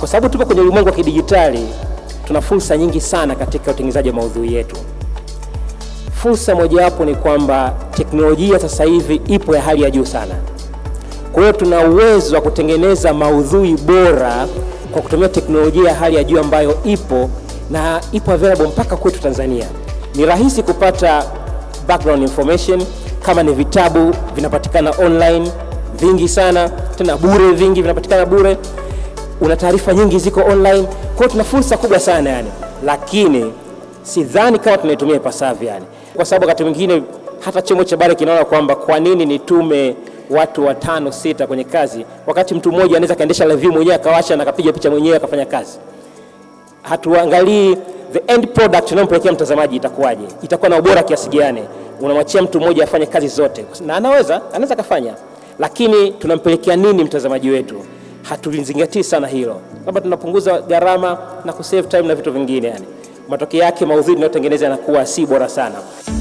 Kwa sababu tupo kwenye ulimwengu wa kidijitali, tuna fursa nyingi sana katika utengenezaji wa maudhui yetu. Fursa mojawapo ni kwamba teknolojia sasa hivi ipo ya hali ya juu sana. Kwa hiyo tuna uwezo wa kutengeneza maudhui bora kwa kutumia teknolojia ya hali ya juu ambayo ipo na ipo available mpaka kwetu Tanzania. Ni rahisi kupata background information kama ni vitabu vinapatikana online vingi sana, tena bure, vingi vinapatikana bure una taarifa nyingi ziko online. Kwa tuna fursa kubwa sana yani, lakini sidhani kama tunaitumia ipasavyo yani, kwa sababu wakati mwingine hata chombo cha habari kinaona kwamba kwa nini nitume watu watano sita kwenye kazi wakati mtu mmoja anaweza kaendesha live mwenyewe akawasha na akapiga picha mwenyewe akafanya kazi. Hatuangalii the end product tunayompelekea mtazamaji itakuwaje, itakuwa na ubora kiasi gani. Unamwachia mtu mmoja afanye kazi zote na anaweza anaweza akafanya, lakini tunampelekea nini mtazamaji wetu? hatulizingatii sana hilo, labda tunapunguza gharama na kusave time na vitu vingine yani. Matokeo yake maudhui tunayotengeneza yanakuwa si bora sana.